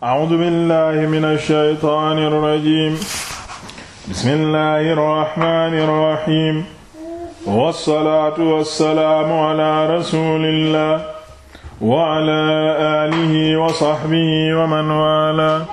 A'uuzu billaahi mina shaytaani rajiim. Bismillaahi rahmaani rahiim. Wassalaatu wassalaamu alaa rasuulillaah wa alaa aalihi wa sahbihi wa man waalaa.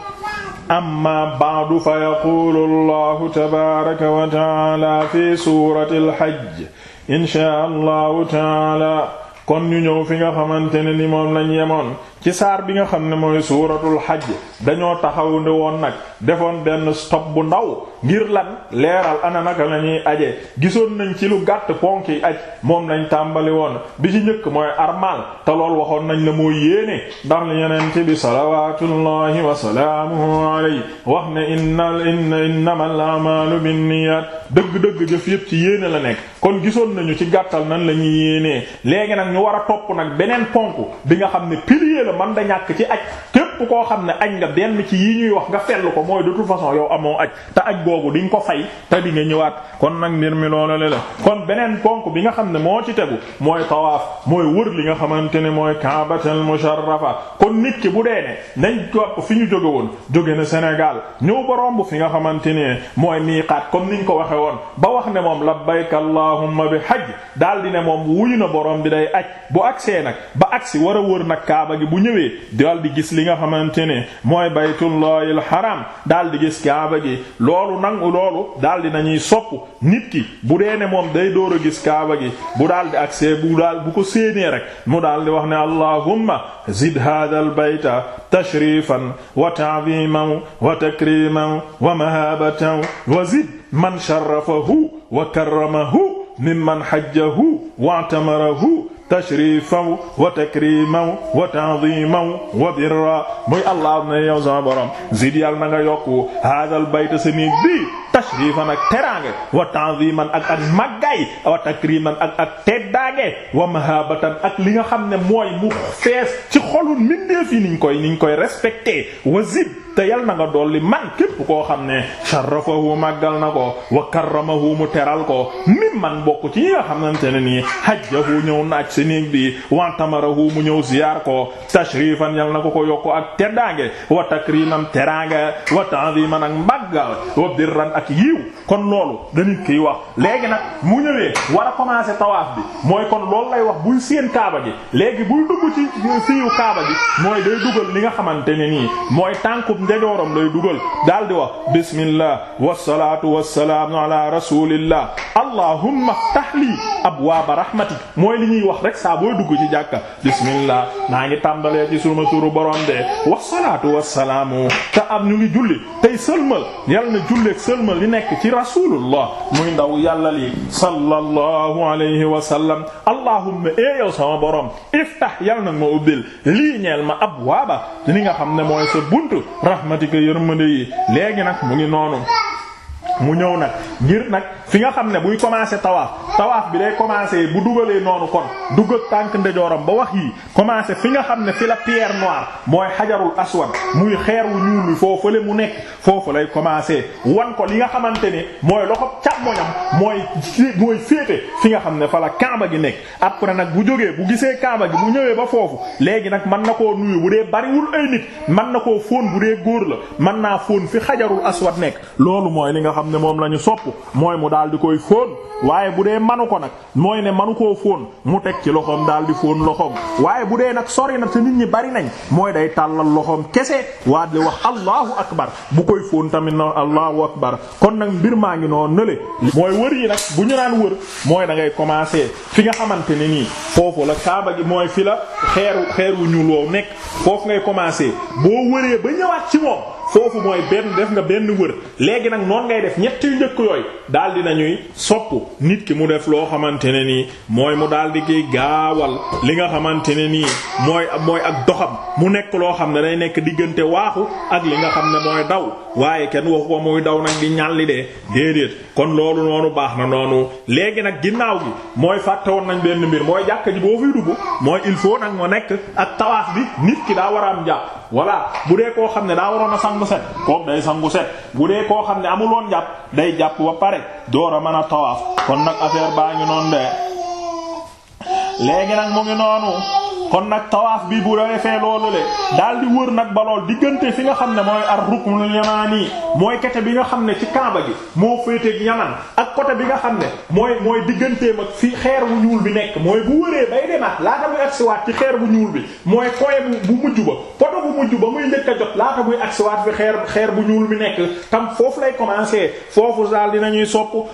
Ammaa ba'du fa yaquulu Allaahu tabaaraka wa ta'aalaa fi suuratil hajj, inshaa Allaahu ta'aalaa. kon ñu ñëw fi nga xamante ne ni moom lañ yemoon ci saar bi nga xam ne mooy suuratul xaj dañoo taxawu ndi woon nag defoon benn stop bu ndaw ngir lan leeral ana nag la ñuy aje gisoon nañ ci lu gàtt ponk yi aj moom lañ tàmbali woon bi ci njëkk mooy armal te lool waxoon nañ la mooy yéene ndax yeneen yenente bi salawatullahi wa salaamuhu alayhi wax ne innal inna innamal a'malu binniyat dëgg-dëgg jëf yépp ci yéene la nekk kon gisoon nañu ci gàttal nan la ñuy yéenee léegi nag ñu war a topp nag beneen ponk bi nga xam ne pilier a man da ñàkk ci aj képp koo xam ne aj nga benn ci yi ñuy wax nga fellu ko mooy de toute façon yow amoo aj te aj googu di ko fay te di nga ñëwaat kon nag mbir mi loolu la kon beneen ponk bi nga xam ne moo ci tegu mooy tawaaf mooy wër li nga xamante ne mooy kaabatal musharrafa kon nit ki bu dee ne nañ topp fi ñu jóge woon jóge na Sénégal ñëw borom bu fi nga xamante ne mooy miiqaat comme niñ ko waxe woon ba wax ne moom labbayka allahumma bi hajj daal di ne moom wuyu na borom bi day aj bu agsee nag ba agsi war a wër nag kaaba gi bu ñëwee daal gis li nga xamante ne mooy baytullahi alxaram daal di gis kaaba gi loolu nangu loolu daldi di nañuy sopp nit ki bu dee moom day door a gis kaaba gi bu daal di accès bu daal bu ko séenee rek mu daal di wax ne allahumma zid hadha al bayta tashrifan wa ta'ziman wa takriman wa mahabatan wa zid man sharafahu wa karramahu mimman hajjahu wa tamarahu tashrifan wa takriman wa ta'ziman wa birra mooy allah na yow sama borom zid yàlla na nga yokku haadal bayta sa néeg bii tashrifan ak teraange wa ta'ziman ak ak màggaay wa takriman ak ak teddaage wa mahabatan ak li nga xam ne mooy mu fees ci xolun mindeef yi niñ koy niñ koy respecté wa zid te yal na nga dolli man képp koo xam ne sharafahu màggal na ko wa karramahu mu teral ko mim man bokk ci ñi nga xamante ne nii hajjahu ñëw naaj si néeg bi wantamarahu mu ñëw ziyaar ko tashrifan yal na ko ko yokk ak teddaange wa takrimam teraanga wa ta'ziman ak mbaggal wa birran ak yiiw kon loolu danit kiy wax léegi nag mu ñëwee war a commencer tawaaf bi mooy kon loolu lay wax buy seen kaaba gi léegi buy dugg ci siiw kaaba gi mooy day dugal li ndejooram lay dugal daal di wax bismillah wasalaatu wasalaamu ala rasulillah allahumma iftah lii abwaaba rahmatik mooy li ñuy wax rek saa dugg ci jàkk bismillah naa ngi tàmbalee ci suma turu borom de wassalaatu wassalaamu te ab ñu ngi julli tey sëlmal yal na julleek sëlmal li nekk ci rasulullah muy ndaw yàlla li sallallahu alayhi wa sallam allahumma eeyow eh sama borom iftah yal na ma ubbil lii ñeel ma waaba li nga xam ne mooy sa buntu rahmatika yërmande yi léegi nag mu ngi noonu mu ñëw nag ngir nag fi nga xam ne buy commencer tawaaf tawaaf bi day commencer bu dugalee noonu kon dugal tànk ndejooram ba wax yii commencer fi nga xam ne fi la pierre noire mooy xajarul aswad muy xeer wu ñuul wi foofu la mu nekk foofu lay commencer wan ko li nga xamante ni mooy loxo càmmoñam mooy mooy féete fi nga xam ne fa la kaaba gi nekk après nag bu jógee bu gisee kaaba gi bu ñëwee ba foofu léegi nag mën na koo nuyu bu dee bariwul ay nit mën na koo fóon bu dee góor la mën naa fóon fi xajarul aswad nekk loolu mooy li nga xam ne moom lañu sopp mooy daal di koy fóon waaye bu dee manu ko nag mooy ne manu koo fóon mu teg ci loxoom daal di fóon loxoom waaye bu dee nag sori na sa nit ñi bari nañ mooy day tàllal loxoom kese waa di wax allahu akbar bu koy fóon tamit na allahu akbar kon nag mbir maa ngi noonu nële mooy wër yi nag bu ñu naan wër mooy da ngay commencer fi nga xamante ne nii foofu la kaaba gi mooy fi la xeeru xeeru ñu loo nekk foofu ngay commencer boo wëree ba ñëwaat ci moom foofu mooy benn def nga benn wër léegi nag noonu ngay def ñett yu njëkk yooyu daal di nañuy sopp nit ki mu def loo xamante ne nii mooy mu daal di koy li nga xamante ne nii mooy mooy ak doxam mu nekk loo xam ne day nekk diggante waaxu ak li nga xam ne mooy daw waaye kenn waxu ko muy daw nag di ñàlli de déedéet kon loolu noonu baax na noonu léegi nag ginnaaw gi mooy fàtte woon nañ benn mbir mooy jàkka ji boo fiy dugg mooy il faut nag moo nekk ak tawaaf bi nit ki daa war a am jàpp voilà bu dee koo xam ne daa waroon a sangu set koom day sangu set bu dee koo xam ne amuloon jàpp day jàpp ba pare door a man a tawaaf kon nag affaire baa ngi noon de léegi nag mu ngi noonu kon nag tawaaf bi bu defee loolu le daal di wër nag ba lool diggante fi nga xam ne mooy ar ruknul yamani mooy kete bi nga xam ne ci kaaba gi moo féeteeg yaman ak côté bi nga xam ne mooy mooy digganteem ak fi xeer bu ñuul bi nekk mooy bu wëree bay demaat laata muy agsiwaat ci xeer bu ñuul bi mooy bu mujj ba bu mujj a jot laata bu ñuul mi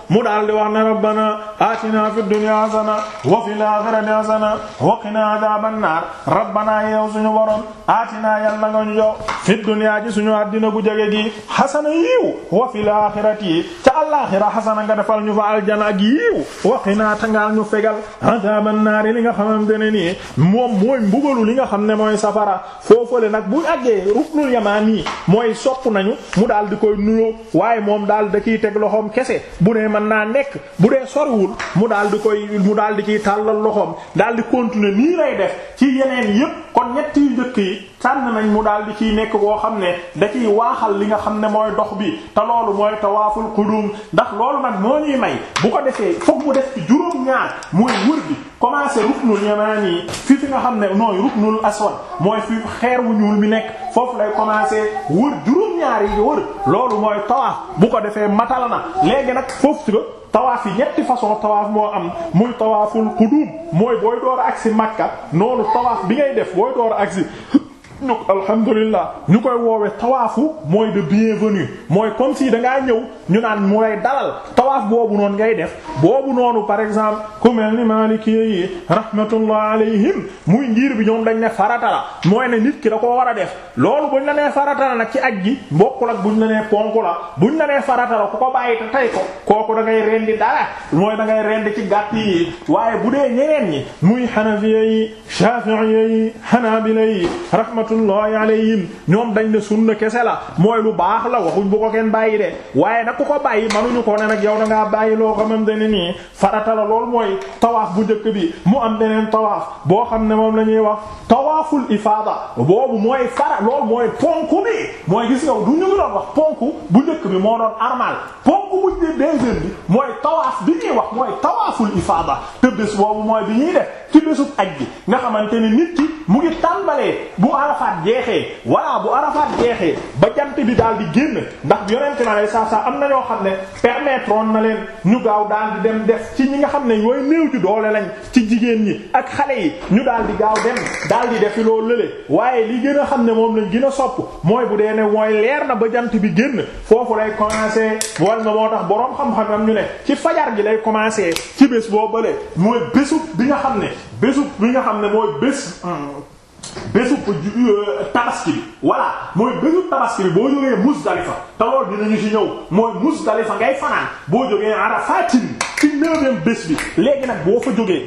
wax ne rabbana atina fid dunya hasana wa fil akhirati hasana wa qina adhaban nar rabbana yow suñu borom atina yàlla nga ñu jox fid dunya ji suñu àddina gu jege gi hasana yiw wa fil akhirati ca alaxira hasana nga defal ñu fa aljana ak yiw wa qina tangal ñu fegal adhaban nar li nga xamante ne nii moom mooy mbugalu li nga xam ne mooy safara foofale nag nag bu àggee ruknul yamaani mooy sopp nañu mu daal di koy nuyoo waaye moom daal da ciy teg loxoom kese bu ne mën naa nekk bu dee soriwul mu daal di koy mu daal di ciy tàllal loxoom daal di continuer nii lay def ci yeneen yépp kon ñetti njëkk yi. sànn nañ mu daal di ciy nekk koo xam ne da ciy waaxal li nga xam ne mooy dox bi te loolu mooy tawaaful qudum ndax loolu nag moo ñuy may bu ko defee fokk mu def ci juróom-ñaar mooy wër bi commencé ruknul fi nga xam ne nooy ruknul mooy fi ñuul bi nekk foofu lay commencé wër juróom-ñaar yi wër loolu mooy tawaaf bu ko defee matal na léegi nag foofu tawaaf yi ñetti façon tawaaf moo am muy tawaaful qudum mooy booy door agsi Makka noonu tawaaf bi ngay def booy door agsi ñu alhamdulillah ñu koy woowe tawaafu mooy de bienvenue mooy comme si dangaa ñëw ñu naan mu lay dalal tawaaf boobu noon ngay def boobu noonu par exemple ku mel ni Maliki yi rahmatullah alayhim muy ngir bi ñoom dañ ne farata la mooy ne nit ki la ko war a def loolu buñ la nee farata la nag ci aj gi bokkul ak buñ la nee ponk la buñ la nee farata la ku ko bàyyi te tey ko kooku da ngay rendi dara mooy da ngay rendi ci gàtt yi waaye bu dee ñeneen ñi muy Hanafiya yi Shafi'iyya yi Hanabila yi rahmatullahi alayhim ñoom dañ ne sunna kese la mooy lu baax la waxuñ ku ko bàyyi manuñu ko ne nag yow da ngaa bàyyi loo xamante ne nii farata la lool mooy tawaaf bu njëkk bi mu am beneen tawaaf boo xam ne moom la ñuy wax tawaaful ifaada boobu mooy fara lool mooy ponk bi mooy gis nga du ñu ngi doon wax ponk bu njëkk bi moo doon armal comme bu mujjee deuxième bi mooy tawaaf bi ñuy wax mooy tawaaful ifaada te boobu mooy bi ñuy def ci bésub aj bi nga xamante ni nit ki mu ngi tàmbalee bu arafaat jeexee walla bu arafaat jeexee ba jant bi daal di génn ndax yonente na lay saa saa am na ñoo xam ne permettre na leen ñu gaaw daal di dem def ci ñi nga xam ne ñooy néew ju doole lañ ci jigéen ñi ak xale yi ñu daal di gaaw dem daal di defi loo lële waaye li gën a xam ne moom lañ gin a sopp mooy bu dee ne leer na ba jant bi génn xam nga moo tax boroom xam-xam mu ne ci fajar gi lay commencer ci bés boo bële mooy bésu bi nga xam ne bésu bi nga xam ne mooy bés euh, bésu euh, tabaski bi voilà mooy bésu tabaski bi boo jógee Muzdalifa te bi nañu ci ñëw mooy Muzdalifa ngay fanaan boo jógee Arafat ci neuvième bés bi léegi nag boo fa jógee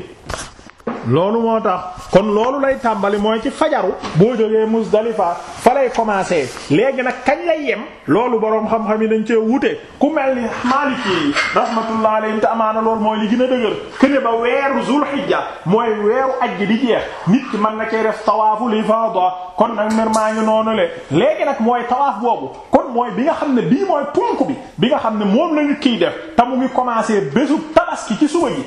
loolu moo tax kon loolu lay tàmbali mooy ci fajaru boo jógee Muzdalifa fa lay commencer léegi nag kañ lay yem loolu boroom xam-xam yi dañ cee wute ku mel ni Maliki yi rahmatullah alayhi te amaana loolu mooy li gën a dëgër këne ba weeru Zulhijja mooy weeru ajj di jeex nit ki mën na cee def tawaaful ifaada kon nag mer maa ngi noonu le léegi nag mooy tawaaf boobu kon mooy bi nga xam ne bii mooy ponk bi bi nga xam ne moom la nit kiy def te mu ngi commencer bésu tabaski ci suba gi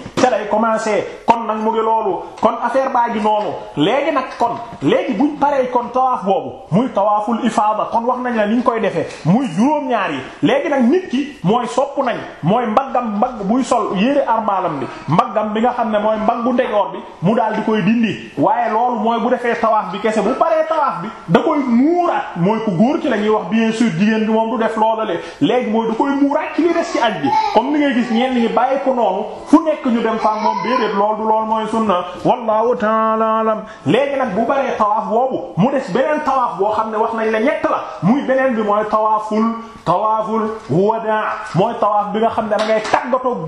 lay commencer kon nag mu ngi loolu kon affaire baa gi noonu léegi nag kon léegi buñ paree kon tawaaf boobu muy tawaaful ifaada kon wax nañ la niñ koy defee muy juróom-ñaar yi léegi nag nit ki mooy sopp nañ mooy mbaggam mbagg buy sol yére armalam bi mbaggam bi nga xam ne mooy mbaggu ndegoor bi mu daal di koy dindi waaye loolu mooy bu defee tawaaf bi kese bu paree tawaaf bi da koy muuraat mooy ku góor ci la ñuy wax bien sûr jigéen bi moom du def loolale léegi mooy da koy muuraat ci li des ci bi ko noonu fu nekk ak moom déedéet lool du lool mooy sunna wallahu taala alam léegi nag bu baree tawaaf boobu mu des beneen tawaaf boo xam ne wax nañ la ñett la muy beneen bi mooy tawaaful tawaaful wadaa mooy tawaaf bi nga xam ne da ngay tàggatoo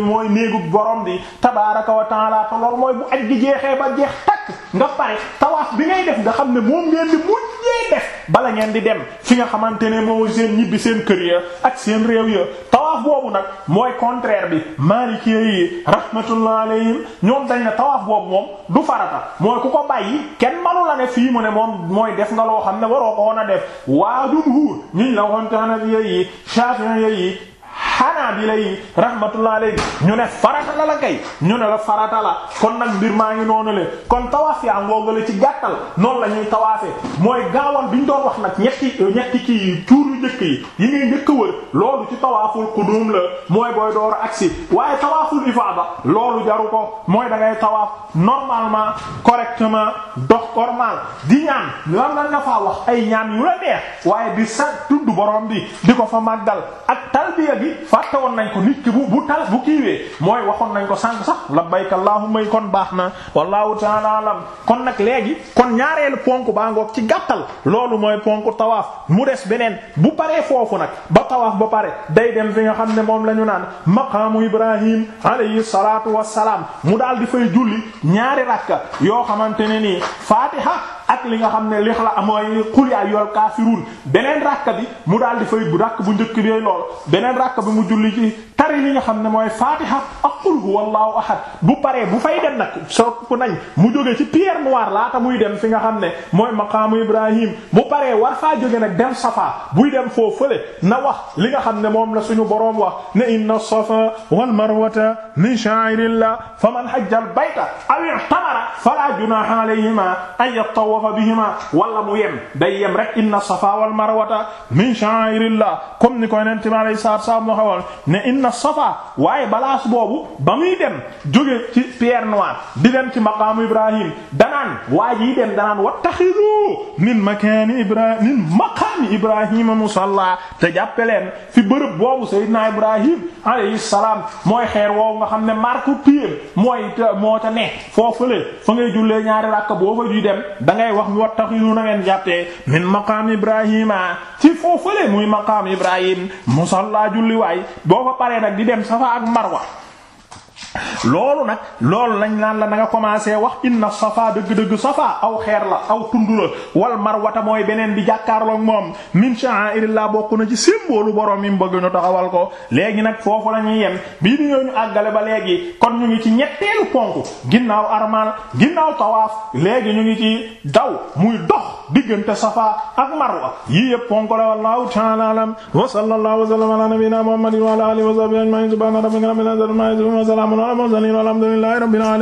mooy néegu borom di tabaaraka wa taala te lool mooy bu aj gi jeexee ba jeex takk nga pare tawaaf bi ngay def nga xam ne moom ngeen di mujj ngeen def bala ngeen di dem fi nga xamante ne moo seen ñibbi seen kër ya ak seen réew ya tawaaf boobu nag mooy contraire bi Maliki yi rahmatullah alayhim ñoom dañ ne tawaaf boobu moom du farata mooy ku ko bàyyi kenn manu la ne fii mu ne moom mooy def nga loo xam ne waroo ko woon a def waa jumhuur ñi la waxoon Hanafiya yi Shafi'iyya yi xanaa bi lay rahmatullah alayhi ñu ne farata la la ñu ne la farata la kon nag mbir maa ngi noonu le kon tawaaf yaa ngoogale ci gàttal noonu la ñuy tawaafee mooy gaawal bi ñu doon wax nag ñetti ñetti kii tuur yu njëkk yi yi ngay njëkk a wër loolu ci tawaaful qudum la mooy booy door aksi waaye tawaaful ifaada loolu jaru ko mooy da ngay tawaaf normalement correctement dox normal di ñaan lan la nga faa wax ay ñaan yu la neex waaye di sa tudd borom bi di ko fa màggal ak talbiya bi fàtte woon nañ ko nit ki bu bu talas bu kiiwee mooy waxoon nañ ko sànq sax labbayka allahumma kon baax na wallahu ta'ala alam kon nag léegi kon ñaareelu ponk baa ngoog ci gàttal loolu mooy ponk tawaaf mu des beneen bu paree foofu nag ba tawaaf ba pare day dem fi nga xam ne moom la ñu naan maqaamu ibrahim alayhi salatu wassalaam mu daal di fay julli ñaari rakka yoo xamante ne nii fatiha ak li nga xam ne li xala mooy xul yaa yor kaafiruun beneen rakk bi mu daal di fay bu rakk bu njëkk bi lool beneen rakk bi mu julli ci tari li nga xam ne mooy faatiha ak qul huwallahu ahad bu paree bu fay dem nag sokku nañ mu jóge ci pierre noire laata muy dem fi nga xam ne mooy maqaamu ibrahim bu paree war faa jóge nag dem safa buy dem foo fële na wax li nga xam ne moom la suñu borom wax ne inna safa wal marwata min sha'irillah faman hajja al bayta aw i'tamara a junaha alayhima an yattawafa bihima wala mu yem day yem rek inna safa wal marwata mina Safa waaye balaas boobu ba muy dem jóge ci Pierre Noire di dem ci maqaamu Ibrahim danaan waa ji dem danaan wattaxidu min makaani Ibrahim min maqaami Ibrahima musalla te jàppe leen fi bërëb boobu Seydina Ibrahim alayhi salaam mooy xeer woowu nga xam ne marque-pied mooy moo ta ne foofule fa ngay jullee ñaari rakka boo fa juy dem da ngay wax wattaxidu na ngeen jàppee min maqaami Ibrahima ci foofule muy maqaamu Ibrahim musalla julli waay boo fa paree nag di dem safa ak marwa loolu nag loolu lañ naan la na nga commencé wax inna safa dëgg-dëgg safa aw xeer la aw tund la wal marwata mooy beneen bi jàkkaarloo moom min sha'airillah bokk na ci simboolu borom mi mu bëgg ñu taxawal ko léegi nag foofu la ñuy yem bii di ñoo ñu àggale ba léegi kon ñu ngi ci ñetteelu ponk ginnaaw armal ginnaaw tawaaf léegi ñu ngi ci daw muy dox diggante safa ak marwa yii yëpp ponk la wallahu ta'ala wa sallallahu wa sallama al-Muzani alhamdulillahi rabbil alamin